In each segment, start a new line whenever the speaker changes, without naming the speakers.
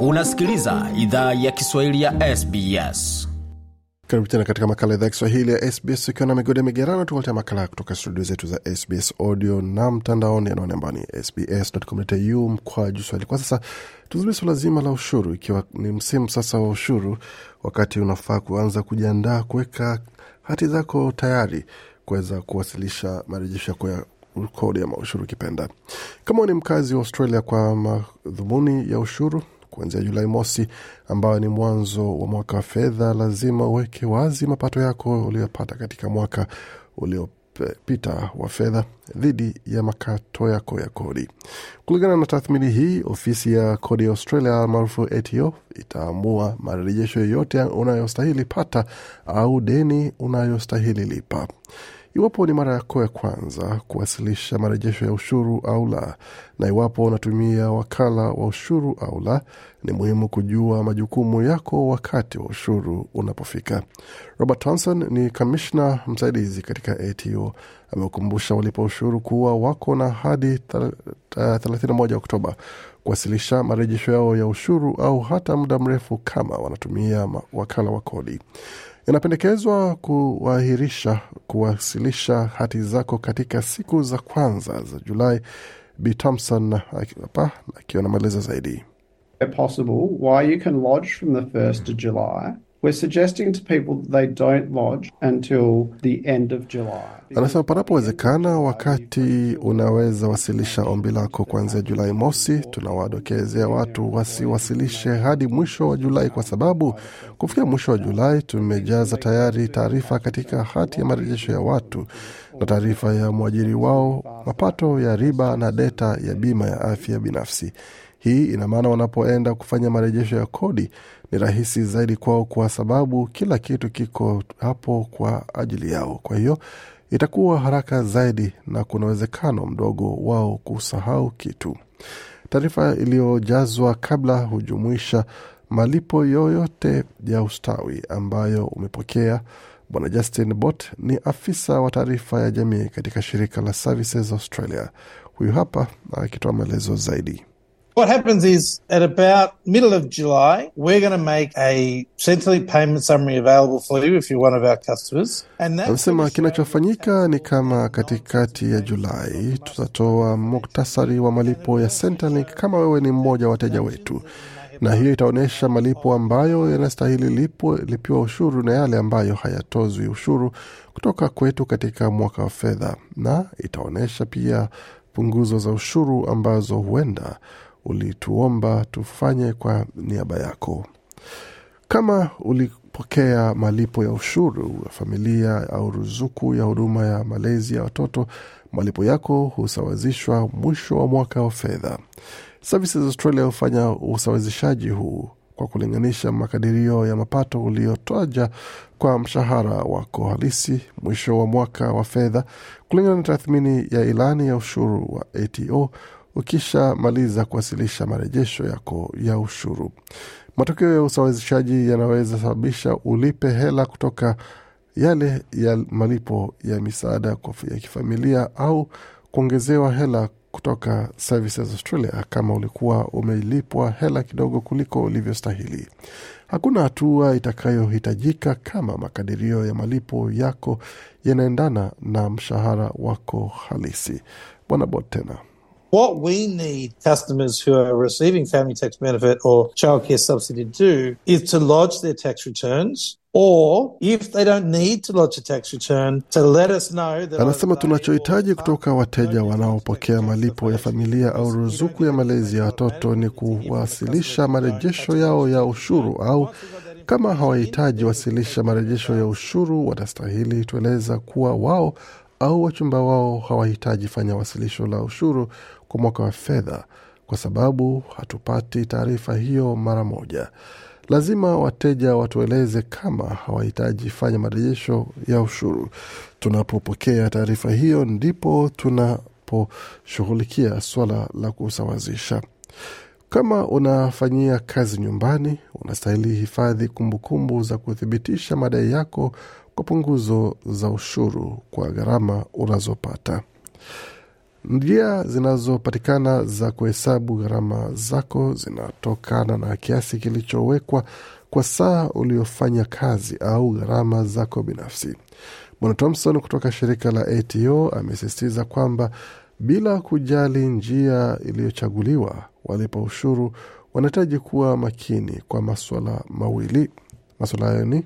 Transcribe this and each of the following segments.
Unasikiliza idhaa ya Kiswahili ya SBS. Karibu tena katika makala idhaa ya Kiswahili ya SBS ukiwa na migode migerano, tukuletea makala kutoka studio zetu za SBS audio na mtandaoni, anaone ambao ni sbscu mkwa juu swahili. Kwa sasa tuzungumzie suala zima la ushuru, ikiwa ni msimu sasa wa ushuru, wakati unafaa kuanza kujiandaa kuweka hati zako tayari kuweza kuwasilisha marejesho yako ya kodi ama ushuru ukipenda. Kama ni mkazi wa Australia kwa madhumuni ya ushuru kuanzia Julai mosi, ambayo ni mwanzo wa mwaka wa fedha. Lazima uweke wazi mapato yako uliyopata katika mwaka uliopita wa fedha dhidi ya makato yako ya kodi. Kulingana na tathmini hii, ofisi ya kodi ya Australia maarufu ATO itaamua marejesho yoyote unayostahili pata au deni unayostahili lipa iwapo ni mara yako ya kwanza kuwasilisha marejesho ya ushuru au la, na iwapo unatumia wakala wa ushuru au la, ni muhimu kujua majukumu yako wakati wa ushuru unapofika. Robert thomson ni kamishna msaidizi katika ATO, amekumbusha walipa ushuru kuwa wako na hadi 31 Oktoba kuwasilisha marejesho yao ya ushuru au hata muda mrefu kama wanatumia wakala wa kodi. Inapendekezwa kuahirisha kuwasilisha hati zako katika siku za kwanza za Julai. B Thompson hapa akiwa na maelezo zaidi. why you can lodge from the 1st of July Anasema panapowezekana, wakati unaweza wasilisha ombi lako kuanzia Julai mosi. Tunawadokezea watu wasiwasilishe hadi mwisho wa Julai kwa sababu kufikia mwisho wa Julai tumejaza tayari taarifa katika hati ya marejesho ya watu na taarifa ya mwajiri wao, mapato ya riba na deta ya bima ya afya binafsi. Hii ina maana wanapoenda kufanya marejesho ya kodi ni rahisi zaidi kwao, kwa sababu kila kitu kiko hapo kwa ajili yao. Kwa hiyo itakuwa haraka zaidi na kuna uwezekano mdogo wao kusahau kitu. Taarifa iliyojazwa kabla hujumuisha malipo yoyote ya ustawi ambayo umepokea. Bwana Justin Bott ni afisa wa taarifa ya jamii katika shirika la Services Australia. Huyu hapa akitoa maelezo zaidi. What happens is at about middle of July, we're going to make a Centrelink payment summary available for you if you're one of our customers. And anasema kinachofanyika ni kama katikati ya Julai tutatoa muktasari wa malipo ya Centrelink kama wewe ni mmoja wa wateja wetu na hiyo itaonyesha malipo ambayo yanastahili lipo, lipiwa ushuru na yale ambayo hayatozwi ushuru kutoka kwetu katika mwaka wa fedha, na itaonyesha pia punguzo za ushuru ambazo huenda ulituomba tufanye kwa niaba yako. Kama ulipokea malipo ya ushuru wa familia au ruzuku ya huduma ya malezi ya watoto, malipo yako husawazishwa mwisho wa mwaka wa fedha. Services Australia hufanya usawazishaji huu kwa kulinganisha makadirio ya mapato uliotoja kwa mshahara wako halisi mwisho wa mwaka wa fedha, kulingana na tathmini ya ilani ya ushuru wa ATO ukishamaliza kuwasilisha marejesho yako ya ushuru. Matokeo ya usawazishaji yanaweza sababisha ulipe hela kutoka yale ya malipo ya misaada ya kifamilia au kuongezewa hela kutoka Services Australia kama ulikuwa umelipwa hela kidogo kuliko ulivyostahili. Hakuna hatua itakayohitajika kama makadirio ya malipo yako yanaendana na mshahara wako halisi. Bwana Bot tena What we need customers who are receiving family tax benefit or childcare subsidy to do is to lodge their tax returns Anasema tunachohitaji kutoka wateja wanaopokea malipo ya familia au ruzuku ya malezi ya watoto ni kuwasilisha marejesho yao ya ushuru au kama hawahitaji wasilisha marejesho ya ushuru, watastahili tueleza kuwa wao au wachumba wao hawahitaji fanya wasilisho la ushuru kwa mwaka wa fedha, kwa sababu hatupati taarifa hiyo mara moja. Lazima wateja watueleze kama hawahitaji fanya marejesho ya ushuru. Tunapopokea taarifa hiyo, ndipo tunaposhughulikia suala la kusawazisha. Kama unafanyia kazi nyumbani, unastahili hifadhi kumbukumbu za kuthibitisha madai yako kwa punguzo za ushuru kwa gharama unazopata. Njia zinazopatikana za kuhesabu gharama zako zinatokana na kiasi kilichowekwa kwa saa uliofanya kazi au gharama zako binafsi. Bwana Thompson kutoka shirika la ATO amesisitiza kwamba bila kujali njia iliyochaguliwa, walipa ushuru wanahitaji kuwa makini kwa maswala mawili. Maswala hayo ni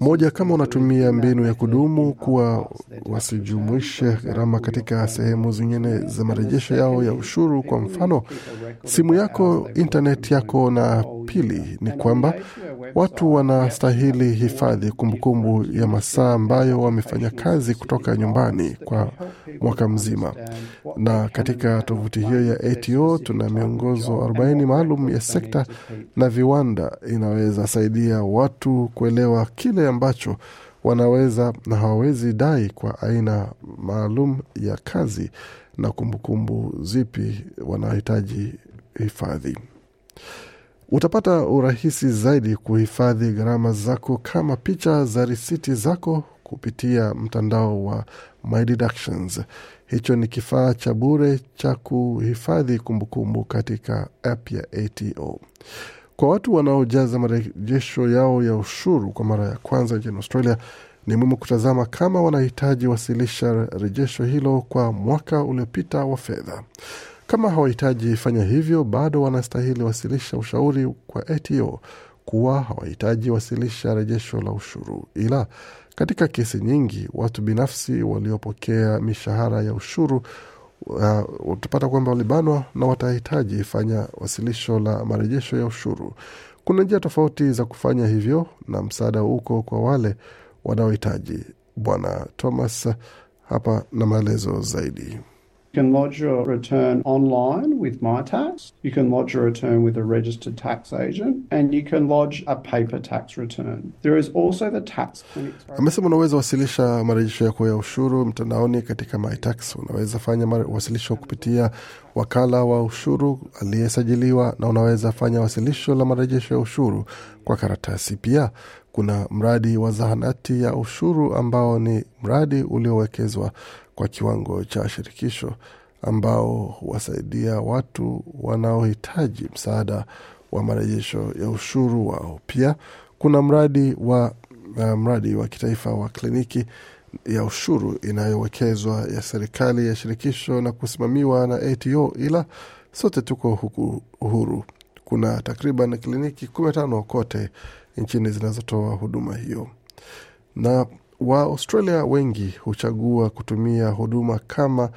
moja, kama unatumia mbinu ya kudumu, kuwa wasijumuishe gharama katika sehemu zingine za marejesho yao ya ushuru. Kwa mfano, simu yako, intnet yako. Na pili ni kwamba watu wanastahili hifadhi kumbukumbu ya masaa ambayo wamefanya kazi kutoka nyumbani kwa mwaka mzima, na katika tovuti hiyo ya ATO tuna miongozo 40 maalum ya sekta na viwanda inaweza saidia watu kuelewa kile ambacho wanaweza na hawawezi dai kwa aina maalum ya kazi na kumbukumbu kumbu zipi wanahitaji hifadhi. Utapata urahisi zaidi kuhifadhi gharama zako kama picha za risiti zako kupitia mtandao wa Hicho ni kifaa cha bure cha kuhifadhi kumbukumbu katika app ya ATO. Kwa watu wanaojaza marejesho yao ya ushuru kwa mara ya kwanza nchini Australia, ni muhimu kutazama kama wanahitaji wasilisha rejesho hilo kwa mwaka uliopita wa fedha. Kama hawahitaji fanya hivyo, bado wanastahili wasilisha ushauri kwa ATO kuwa hawahitaji wasilisha rejesho la ushuru, ila katika kesi nyingi, watu binafsi waliopokea mishahara ya ushuru Uh, utapata kwamba walibanwa na watahitaji fanya wasilisho la marejesho ya ushuru. Kuna njia tofauti za kufanya hivyo na msaada uko kwa wale wanaohitaji. Bwana Thomas hapa na maelezo zaidi. You can lodge your return online with MyTax, you can lodge a return with a registered tax agent, and you can lodge a paper tax return. There is also the tax clinic. Amesema unaweza wasilisha marejesho yako ya ushuru mtandaoni katika MyTax. Unaweza fanya wasilisho kupitia wakala wa ushuru aliyesajiliwa, na unaweza fanya wasilisho la marejesho ya ushuru kwa karatasi. Pia kuna mradi wa zahanati ya ushuru ambao ni mradi uliowekezwa kwa kiwango cha shirikisho ambao huwasaidia watu wanaohitaji msaada wa marejesho ya ushuru wao. Pia kuna mradi wa uh, mradi wa kitaifa wa kliniki ya ushuru inayowekezwa ya serikali ya shirikisho na kusimamiwa na ATO, ila sote tuko huku uhuru. Kuna takriban kliniki kumi na tano kote nchini zinazotoa huduma hiyo na waaustralia wengi huchagua kutumia huduma kama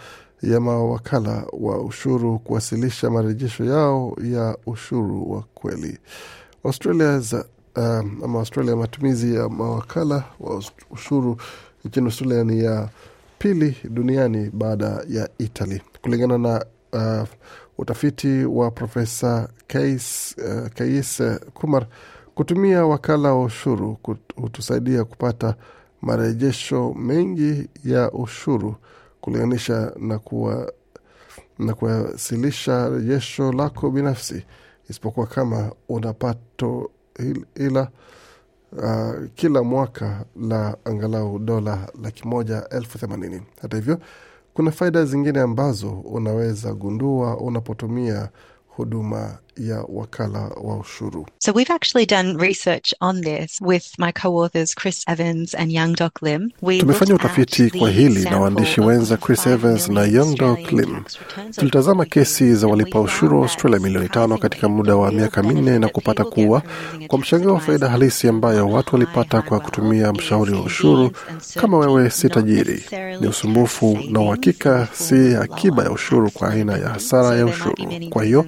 ya mawakala wa ushuru kuwasilisha marejesho yao ya ushuru wa kweli. Australia um, ama Australia, matumizi ya mawakala wa ushuru nchini Australia ni ya pili duniani baada ya Italy kulingana na uh, utafiti wa Profesa Kais, uh, Kumar. Kutumia wakala wa ushuru hutusaidia kupata marejesho mengi ya ushuru kulinganisha na kuwa na kuwasilisha rejesho lako binafsi, isipokuwa kama unapato ila uh, kila mwaka la angalau dola laki moja elfu themanini. Hata hivyo, kuna faida zingine ambazo unaweza gundua unapotumia huduma ya wakala wa ushuru. So we've actually done research on this with my co-authors Chris Evans and Young Doc Lim. We tumefanya utafiti kwa hili na waandishi wenza Chris Evans na Young Doc Lim. Tulitazama kesi za walipa ushuru wa Australia milioni tano katika muda wa miaka minne na kupata kuwa kwa mshangao wa faida halisi ambayo watu walipata kwa kutumia mshauri wa ushuru kama wewe si tajiri, ni usumbufu na uhakika si akiba ya ushuru kwa aina ya hasara ya ushuru. Kwa hiyo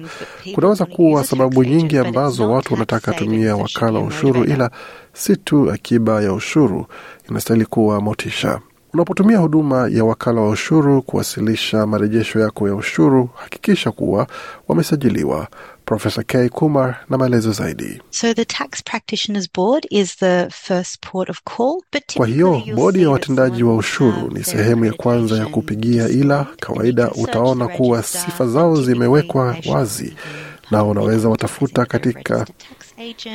kunaweza kuwa sababu nyingi ambazo watu wanataka tumia wakala wa ushuru, ila si tu akiba ya ushuru inastahili kuwa motisha. Unapotumia huduma ya wakala wa ushuru kuwasilisha marejesho yako ya ushuru, hakikisha kuwa wamesajiliwa. Profesa K Kumar na maelezo zaidi. So the Tax Practitioners Board is the first port of call, kwa hiyo bodi ya watendaji wa ushuru ni sehemu ya kwanza ya kupigia, ila kawaida utaona kuwa sifa zao zimewekwa wazi na wanaweza watafuta katika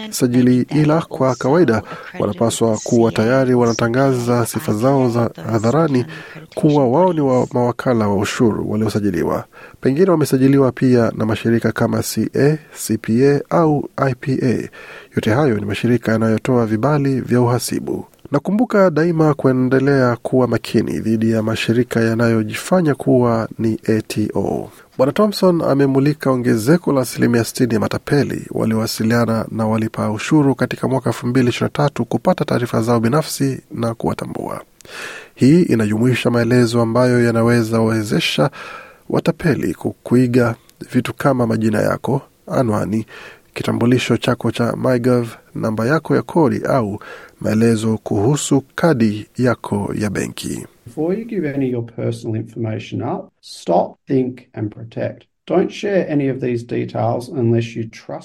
sajili, ila kwa kawaida wanapaswa kuwa tayari wanatangaza sifa zao za hadharani kuwa wao ni wa mawakala wa ushuru waliosajiliwa. Pengine wamesajiliwa pia na mashirika kama CA, CPA au IPA. Yote hayo ni mashirika yanayotoa vibali vya uhasibu. Nakumbuka daima kuendelea kuwa makini dhidi ya mashirika yanayojifanya kuwa ni ATO. Bwana Thompson amemulika ongezeko la asilimia 60 ya matapeli waliowasiliana na walipa ushuru katika mwaka 2023 kupata taarifa zao binafsi na kuwatambua. Hii inajumuisha maelezo ambayo yanaweza wawezesha watapeli kukuiga vitu kama majina yako, anwani, kitambulisho chako cha MyGov, namba yako ya kodi au maelezo kuhusu kadi yako ya benki. Before you give any of your personal information up, stop, think, and protect.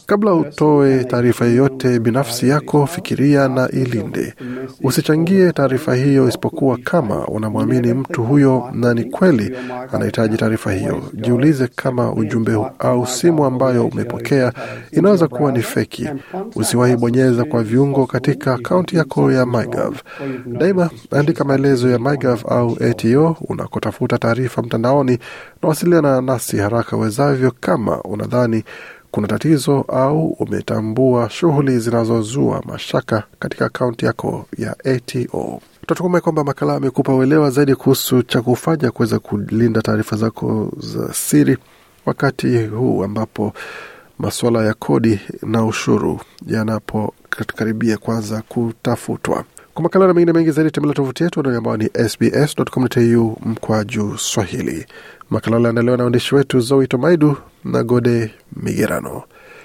Kabla utoe taarifa yoyote binafsi yako, fikiria na ilinde. Usichangie taarifa hiyo isipokuwa kama unamwamini mtu huyo na ni kweli anahitaji taarifa hiyo. Jiulize kama ujumbe au simu ambayo umepokea inaweza kuwa ni feki. Usiwahi bonyeza kwa viungo katika akaunti yako ya MyGov. Daima andika maelezo ya MyGov au ATO unakotafuta taarifa mtandaoni Nawasiliana nasi haraka wezavyo kama unadhani kuna tatizo au umetambua shughuli zinazozua mashaka katika akaunti yako ya ATO. tatukumai kwamba makala amekupa uelewa zaidi kuhusu cha kufanya kuweza kulinda taarifa zako za siri wakati huu ambapo masuala ya kodi na ushuru yanapokaribia kwanza kutafutwa. Kwa makala na mengine mengi zaidi tembelea tovuti yetu ambao ni sbs.com.au juu Swahili. Makala aliandaliwa na waandishi wetu Zoe Tomaidu na Gode Migerano.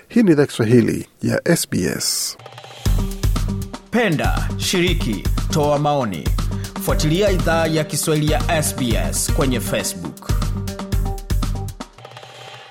Hii ni idhaa Kiswahili ya SBS. Penda, shiriki, toa maoni, fuatilia idhaa ya Kiswahili ya SBS kwenye Facebook.